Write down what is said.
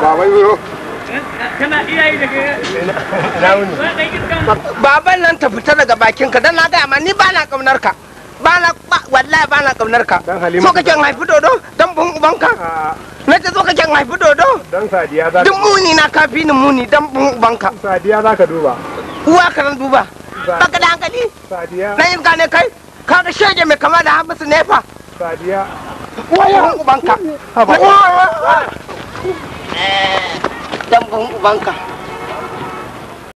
Baban Baban nan ta fita daga bakinka don na gaya ma ni ba na kaunar ka. Ba na wallahi ba na kaunar ka. So kake haifi dodo don uban ka Na ce so kake haifi dodo. dan sadiya za ka. Duk muni na kafi ni muni bun uban ka Sadiya za ka duba. Uwa ka nan duba. Baka da hankali. Sadiya. Na yin gane kai. Ka ga shege mai kama da hamisu nefa. Sadiya. Wayan ubanka. Eh, dambun ubanka.